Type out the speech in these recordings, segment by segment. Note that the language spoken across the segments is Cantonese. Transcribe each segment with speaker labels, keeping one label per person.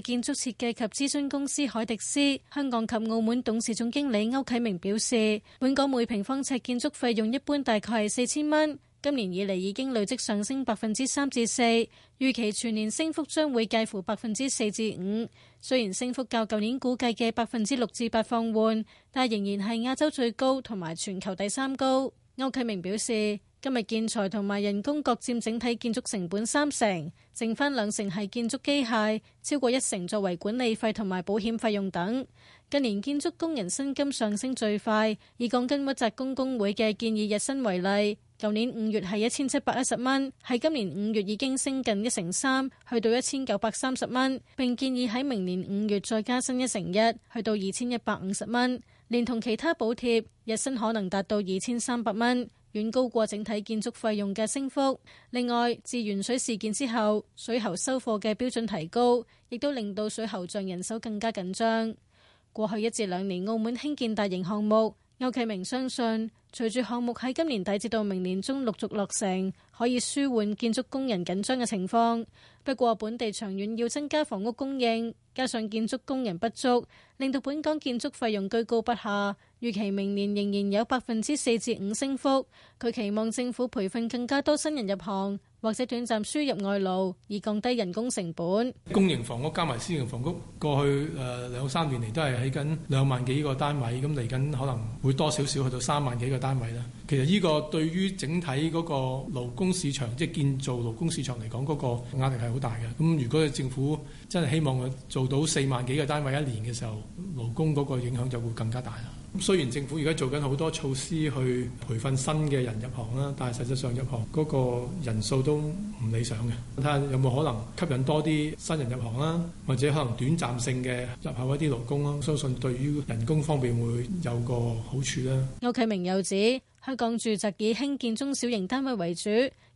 Speaker 1: 建築設計及諮詢公司凱迪思香港及澳門董事總經理區啟明表示，本港每平方呎建築費用一般大概係四千蚊，今年以嚟已經累積上升百分之三至四，4，預期全年升幅將會介乎百分之四至五。雖然升幅較舊年估計嘅百分之六至八放緩，但仍然係亞洲最高同埋全球第三高。區啟明表示，今日建材同埋人工各佔整體建築成本三成，剩翻兩成係建築機械，超過一成作為管理費同埋保險費用等。近年建築工人薪金上升最快，以鋼筋屈宅工工會嘅建議日薪為例，舊年五月係一千七百一十蚊，喺今年五月已經升近一成三，去到一千九百三十蚊。並建議喺明年五月再加薪一成一，去到二千一百五十蚊，連同其他補貼，日薪可能達到二千三百蚊。遠高過整體建築費用嘅升幅。另外，自鉛水事件之後，水喉收貨嘅標準提高，亦都令到水喉匠人手更加緊張。過去一至兩年，澳門興建大型項目。區啟明相信，隨住項目喺今年底至到明年中陸續落成，可以舒緩建築工人緊張嘅情況。不過，本地長遠要增加房屋供應，加上建築工人不足，令到本港建築費用居高不下。預期明年仍然有百分之四至五升幅。佢期望政府培訓更加多新人入行，或者短暫輸入外勞，以降低人工成本。
Speaker 2: 公營房屋加埋私營房屋，過去誒兩三年嚟都係喺緊兩萬幾個單位，咁嚟緊可能會多少少去到三萬幾個單位啦。其實呢個對於整體嗰個勞工市場，即係建造勞工市場嚟講，嗰個壓力係好大嘅。咁如果政府真係希望做到四萬幾個單位一年嘅時候，勞工嗰個影響就會更加大啦。雖然政府而家做緊好多措施去培訓新嘅人入行啦，但係實際上入行嗰個人數都唔理想嘅。睇下有冇可能吸引多啲新人入行啦，或者可能短暫性嘅入口一啲勞工啦。相信對於人工方面會有個好處啦。
Speaker 1: 區啟明又指，香港住宅以興建中小型單位為主，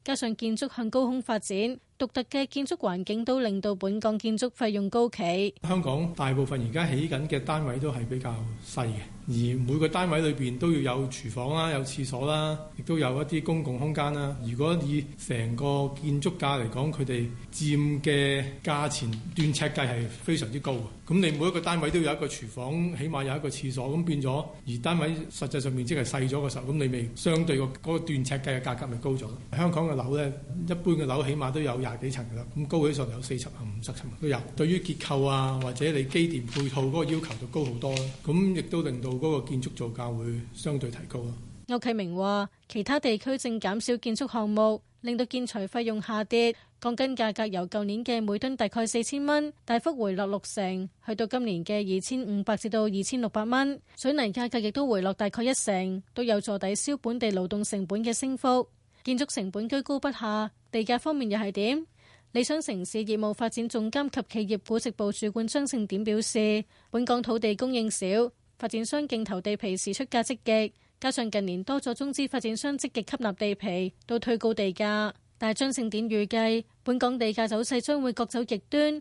Speaker 1: 加上建築向高空發展。獨特嘅建築環境都令到本港建築費用高企。
Speaker 2: 香港大部分而家起緊嘅單位都係比較細嘅，而每個單位裏邊都要有廚房啦、有廁所啦，亦都有一啲公共空間啦。如果以成個建築價嚟講，佢哋佔嘅價錢斷尺計係非常之高嘅。咁你每一個單位都有一個廚房，起碼有一個廁所，咁變咗而單位實際上面即係細咗嘅時候，咁你咪相對、嗰個嗰個斷尺計嘅價格咪高咗。香港嘅樓呢，一般嘅樓起碼都有百幾層㗎啦，咁高起上有四十啊五十層都有。對於結構啊或者你機電配套嗰個要求就高好多啦，咁亦都令到嗰個建築造價會相對提高
Speaker 1: 咯。區啟明話：其他地區正減少建築項目，令到建材費用下跌，鋼筋價格由舊年嘅每噸大概四千蚊大幅回落六成，去到今年嘅二千五百至到二千六百蚊。水泥價格亦都回落大概一成，都有助抵消本地勞動成本嘅升幅。建築成本居高不下，地價方面又係點？理想城市業務發展總監及企業估值部主管張勝典表示，本港土地供應少，發展商競投地皮時出價積極，加上近年多咗中資發展商積極吸納地皮，都推高地價。但張勝典預計，本港地價走勢將會各走極端。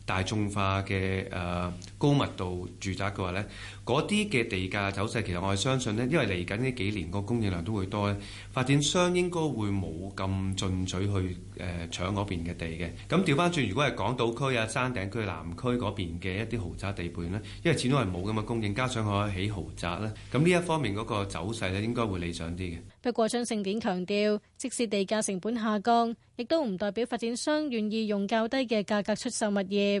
Speaker 3: 大眾化嘅誒高密度住宅嘅話咧，嗰啲嘅地價走勢，其實我係相信呢，因為嚟緊呢幾年個供應量都會多，發展商應該會冇咁進取去誒搶嗰邊嘅地嘅。咁調翻轉，如果係港島區啊、山頂區、南區嗰邊嘅一啲豪宅地盤呢，因為始終係冇咁嘅供應，加上我可以起豪宅咧，咁呢一方面嗰個走勢咧應該會理想啲嘅。
Speaker 1: 不過張盛典強調，即使地價成本下降，亦都唔代表發展商願意用較低嘅價格出售物業。